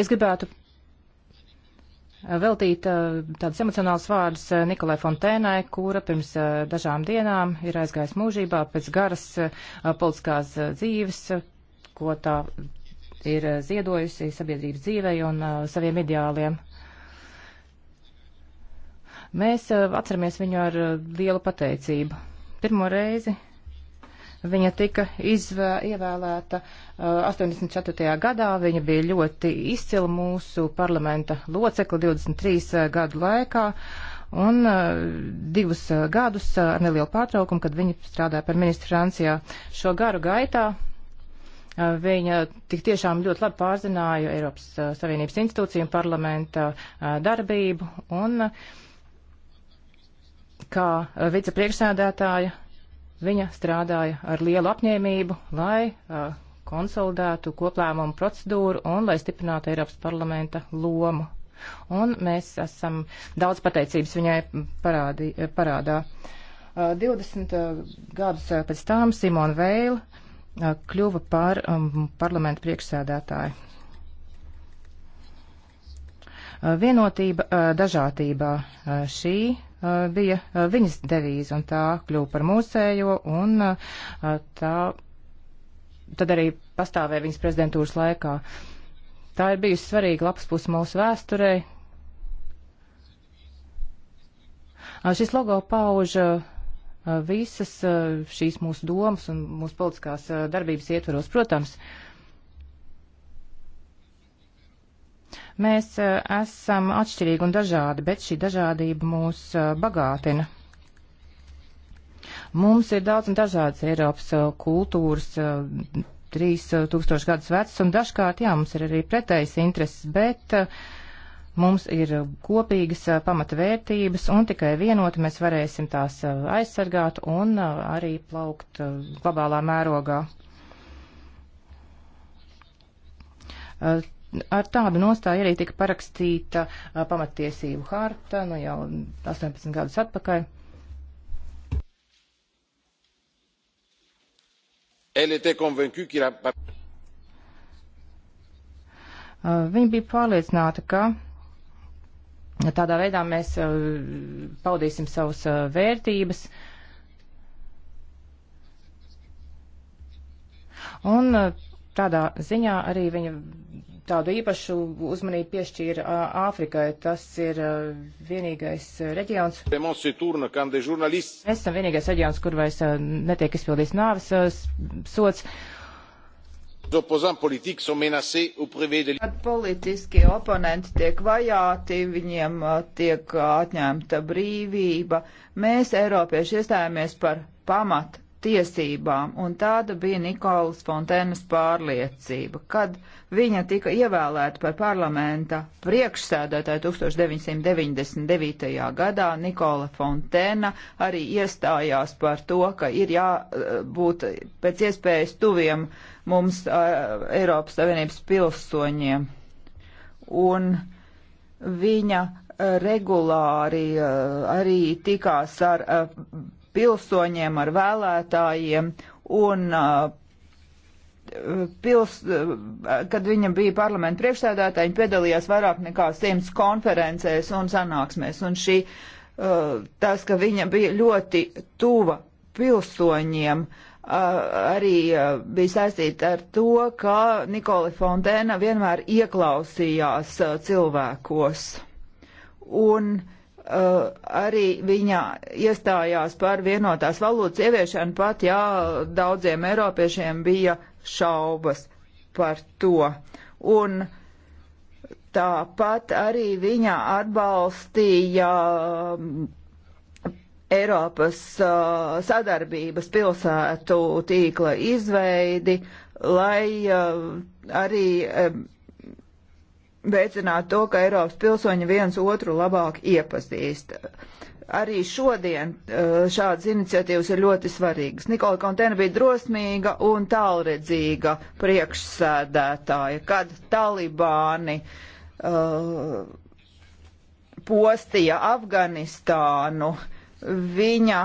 Es gribētu veltīt tādus emocionālus vārdus Nikolai Fontēnai, kura pirms dažām dienām ir aizgājis mūžībā pēc garas politiskās dzīves, ko tā ir ziedojusi sabiedrības dzīvei un saviem ideāliem. Mēs atceramies viņu ar lielu pateicību. Pirmo reizi Viņa tika izvē, ievēlēta uh, 84. gadā, viņa bija ļoti izcila mūsu parlamenta locekla 23 uh, gadu laikā un uh, divus uh, gadus uh, ar nelielu pārtraukumu, kad viņa strādāja par ministru Francijā. Šo garu gaitā uh, Viņa tik tiešām ļoti labi pārzināja Eiropas uh, Savienības institūciju un parlamenta uh, darbību un kā vicepriekšsēdētāja Viņa strādāja ar lielu apņēmību, lai uh, konsolidētu koplēmumu procedūru un lai stiprinātu Eiropas parlamenta lomu. Un mēs esam daudz pateicības viņai parādi, parādā. Uh, 20 uh, gadus uh, pēc tām Simona Veila uh, kļuva par um, parlamenta priekšsēdētāju. Uh, vienotība dažādībā šī Eh, bija eh, viņas devīze, un tā kļuva par mūsējo, un eh, tā tad arī pastāvēja viņas prezidentūras laikā. Tā ir bijusi svarīga lapas puse mūsu vēsturei. Šis logo pauž visas šīs mūsu domas un mūsu politiskās darbības ietvaros, protams. Uh, Mēs eh, esam atšķirīgi un dažādi, bet šī dažādība mūs eh, bagātina. Mums ir daudz un dažādas Eiropas eh, kultūras, 3000 gadus vecas, un dažkārt, jā, mums ir arī pretējas intereses, bet mums ir kopīgas pamatvērtības, un tikai vienoti mēs varēsim tās aizsargāt un arī plaukt globālā mērogā ar tādu nostāju arī tika parakstīta a, pamatiesību harta, nu jau 18 gadus atpakaļ. Viņa bija pārliecināta, ka tādā veidā mēs a, paudīsim savas a, vērtības. Un tādā ziņā arī viņa tādu īpašu uzmanību piešķīra Āfrikai. Tas ir vienīgais reģions. Mēs esam vienīgais reģions, kur vairs netiek izpildīts nāves sots. Kad politiskie oponenti tiek vajāti, viņiem tiek atņemta brīvība. Mēs, Eiropieši, iestājāmies par pamat tiesībām, un tāda bija Nikolas Fontēnas pārliecība. Kad viņa tika ievēlēta par parlamenta priekšsēdētāju 1999. gadā, Nikola Fontēna arī iestājās par to, ka ir jābūt pēc iespējas tuviem mums Eiropas Savienības pilsoņiem. Un viņa regulāri arī tikās ar pilsoņiem, ar vēlētājiem un uh, pils, uh, kad viņa bija parlamenta priekšsēdētāja, viņa piedalījās vairāk nekā simts konferencēs un sanāksmēs. Un šī, uh, tas, ka viņa bija ļoti tuva pilsoņiem, arī bija saistīta ar to, ka Nikola Fontēna vienmēr ieklausījās cilvēkos. Un uh, uh, arī viņa iestājās par vienotās valūtas ieviešanu, pat jā, daudziem eiropiešiem bija šaubas par to. Un tāpat arī viņa atbalstīja um, Eiropas uh, sadarbības pilsētu tīkla izveidi, lai uh, arī um, veicināt to, ka Eiropas pilsoņi viens otru labāk iepazīst. Arī šodien eh, šādas iniciatīvas ir ļoti svarīgas. Nikola Kontena bija drosmīga un tālredzīga priekšsēdētāja, kad talibāni uh, postīja Afganistānu. Viņa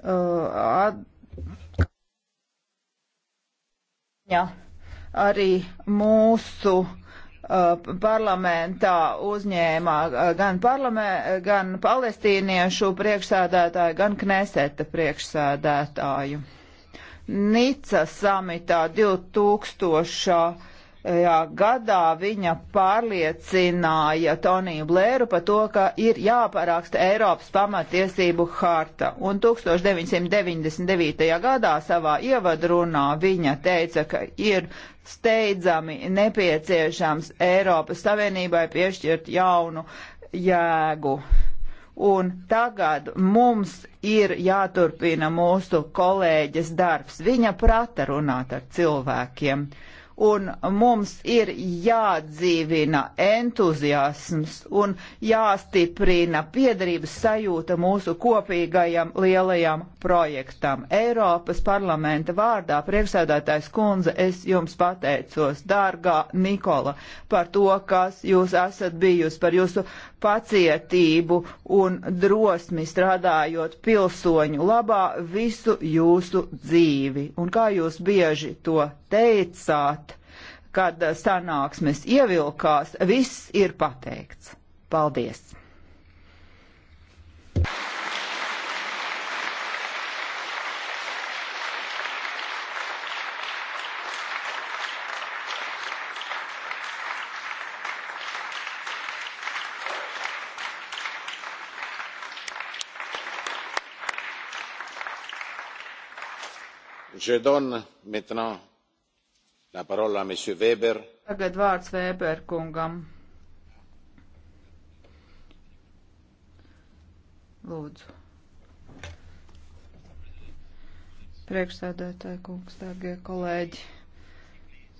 uh, eh, viņa arī mūsu uh, Uh, parlamentā uzņēma uh, gan, parlamē, uh, gan palestīniešu priekšsēdētāju, gan Kneseta priekšsēdētāju. Nica samitā 2000 gadā viņa pārliecināja Toniju Blēru par to, ka ir jāparaksta Eiropas pamatiesību harta. Un 1999. gadā savā ievadrunā viņa teica, ka ir steidzami nepieciešams Eiropas Savienībai piešķirt jaunu jēgu. Un tagad mums ir jāturpina mūsu kolēģis darbs. Viņa prata runāt ar cilvēkiem. Uh, un mums ir jādzīvina entuziasms un jāstiprina piedarības sajūta mūsu kopīgajam lielajam projektam. Eiropas parlamenta vārdā priekšsēdētājs kundze, es jums pateicos, dārgā Nikola, par to, kas jūs esat bijusi, par jūsu pacietību un drosmi strādājot pilsoņu labā visu jūsu dzīvi. Un kā jūs bieži to teicāt, kad sanāksmes ievilkās, viss ir pateikts. Paldies! je donne maintenant Parola, Tagad vārds Vēber kungam. Lūdzu. Priekšsēdētāji kungs, dārgie kolēģi.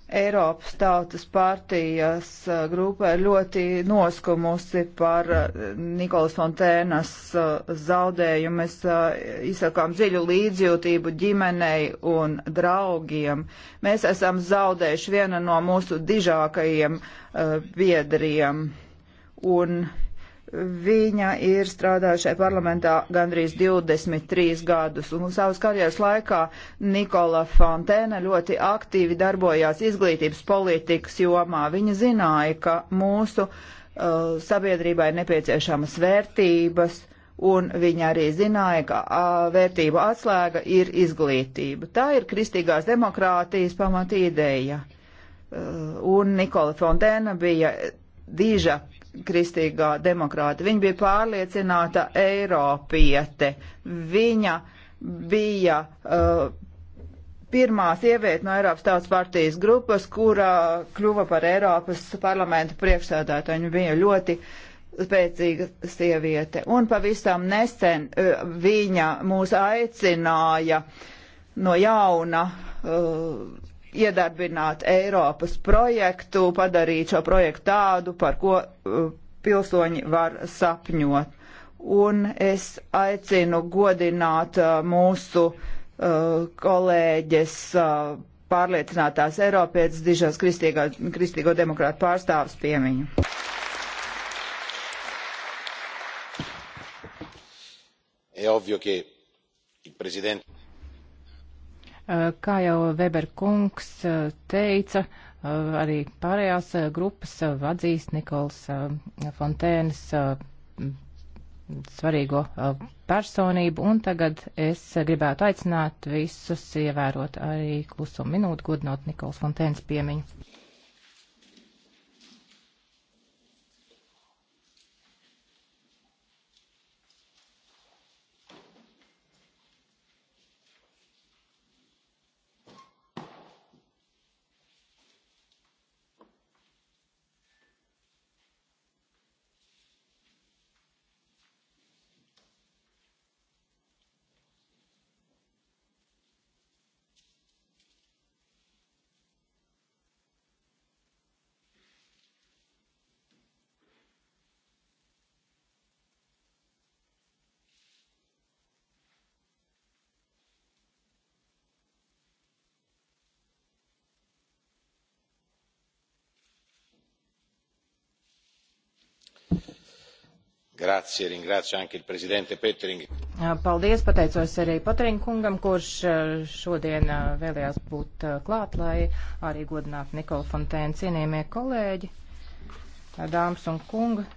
Eiropas Tautas partijas uh, grupa ir ļoti noskumusi par uh, Nikolas Fontēnas uh, zaudējumu. Mēs izsakām dziļu līdzjūtību ģimenei un draugiem. Mēs esam zaudējuši vienu no mūsu dižākajiem biedriem. Un Viņa ir strādājušai parlamentā gandrīz 23 gadus, un savas karjeras laikā Nikola Fontēna ļoti aktīvi darbojās izglītības politikas jomā. Viņa zināja, ka mūsu uh, sabiedrībai nepieciešamas vērtības, un viņa arī zināja, ka uh, vērtību atslēga ir izglītība. Tā ir kristīgās demokrātijas pamatīdeja. Uh, un Nikola Fontēna bija dīža kristīgā demokrāta. Viņa bija pārliecināta Eiropiete. Viņa bija uh, pirmā sieviete no Eiropas tautas partijas grupas, kura kļuva par Eiropas parlamentu priekšsēdētāju. Viņa bija ļoti uh, spēcīga sieviete. Un pavisam nesen uh, viņa mūs aicināja no jauna uh, iedarbināt Eiropas projektu, padarīt šo projektu tādu, par ko uh, pilsoņi var sapņot. Un es aicinu godināt uh, mūsu uh, kolēģes pārliecinātās Eiropietas dižās kristīgā, kristīgo demokrātu pārstāvs piemiņu. È ovvio che il Presidente Eh, kā jau Weber kungs eh, teica, eh, arī pārējās grupas vadzīs Nikols Fontēnas svarīgo personību, un tagad es gribētu aicināt visus ievērot arī klusumu minūtu godinot Nikols Fontēnas piemiņu. Grazie, ringrazio anche il presidente Petering. Eh, paldies, pateicos arī Petering kungam, kurš eh, šodien eh, vēlējās būt klāt, lai arī godinātu Nikolu Fontēnu cienījumie kolēģi, dāmas un kunga.